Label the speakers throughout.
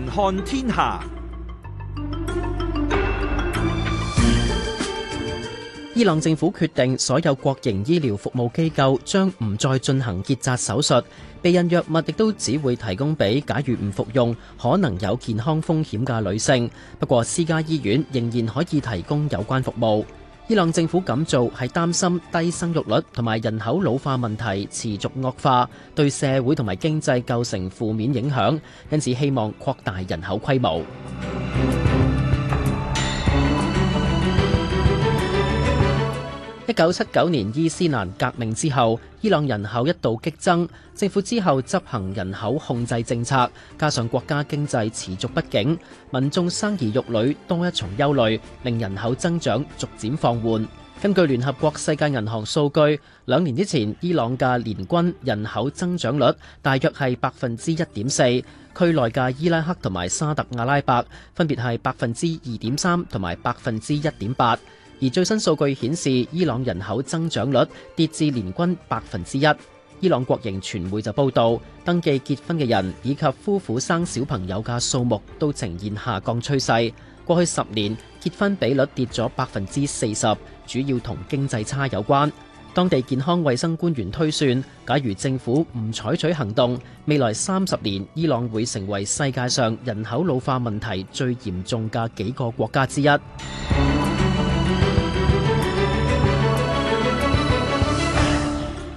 Speaker 1: 環看天下，伊朗政府決定所有國營醫療服務機構將唔再進行結紮手術，避孕藥物亦都只會提供俾假如唔服用可能有健康風險嘅女性。不過私家醫院仍然可以提供有關服務。伊朗政府咁做，係擔心低生育率同埋人口老化問題持續惡化，對社會同埋經濟構成負面影響，因此希望擴大人口規模。一九七九年伊斯蘭革命之後，伊朗人口一度激增，政府之後執行人口控制政策，加上國家經濟持續不景，民眾生兒育女多一重憂慮，令人口增長逐漸放緩。根據聯合國世界銀行數據，兩年之前伊朗嘅年均人口增長率大約係百分之一點四，區內嘅伊拉克同埋沙特阿拉伯分別係百分之二點三同埋百分之一點八。而最新數據顯示，伊朗人口增長率跌至年均百分之一。伊朗國營傳媒就報道，登記結婚嘅人以及夫婦生小朋友嘅數目都呈現下降趨勢。過去十年結婚比率跌咗百分之四十，主要同經濟差有關。當地健康衛生官員推算，假如政府唔採取行動，未來三十年伊朗會成為世界上人口老化問題最嚴重嘅幾個國家之一。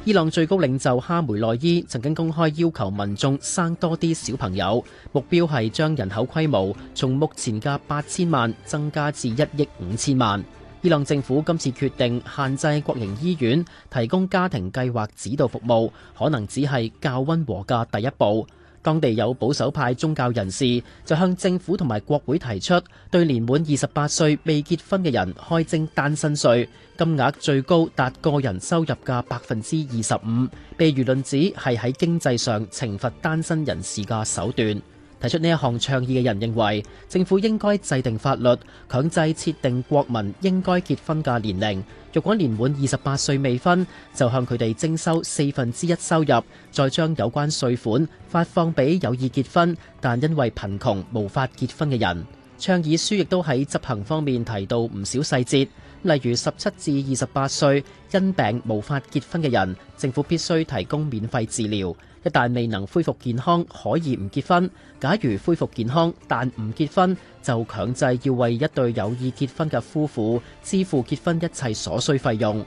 Speaker 1: 伊朗最高領袖哈梅內伊曾經公開要求民眾生多啲小朋友，目標係將人口規模從目前嘅八千萬增加至一億五千萬，伊朗政府今次決定限制國營醫院提供家庭計劃指導服務，可能只係較温和嘅第一步。當地有保守派宗教人士就向政府同埋國會提出，對年滿二十八歲未結婚嘅人開徵單身稅，金額最高達個人收入嘅百分之二十五，被輿論指係喺經濟上懲罰單身人士嘅手段。提出呢一項倡議嘅人認為，政府應該制定法律強制設定國民應該結婚嘅年齡。若果年滿二十八歲未婚，就向佢哋徵收四分之一收入，再將有關稅款發放俾有意結婚但因為貧窮無法結婚嘅人。倡議書亦都喺執行方面提到唔少細節，例如十七至二十八歲因病無法結婚嘅人，政府必須提供免費治療；一旦未能恢復健康，可以唔結婚；假如恢復健康但唔結婚，就強制要為一對有意結婚嘅夫婦支付結婚一切所需費用。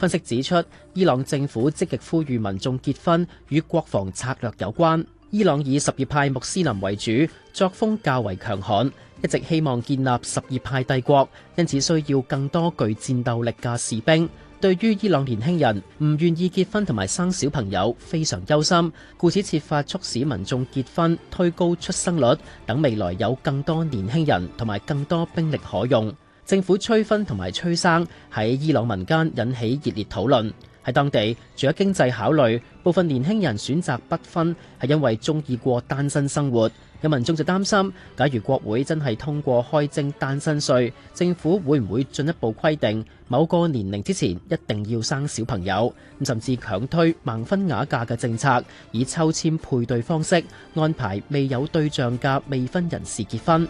Speaker 1: 分析指出，伊朗政府積極呼籲民眾結婚，與國防策略有關。伊朗以什葉派穆斯林為主，作風較為強悍，一直希望建立什葉派帝國，因此需要更多具戰鬥力嘅士兵。對於伊朗年輕人唔願意結婚同埋生小朋友，非常憂心，故此設法促使民眾結婚，推高出生率，等未來有更多年輕人同埋更多兵力可用。政府催婚同埋催生喺伊朗民間引起熱烈討論，喺當地，除咗經濟考慮，部分年輕人選擇不婚，係因為中意過單身生活。有民眾就擔心，假如國會真係通過開徵單身稅，政府會唔會進一步規定某個年齡之前一定要生小朋友，甚至強推盲婚啞嫁嘅政策，以抽籤配對方式安排未有對象嘅未婚人士結婚。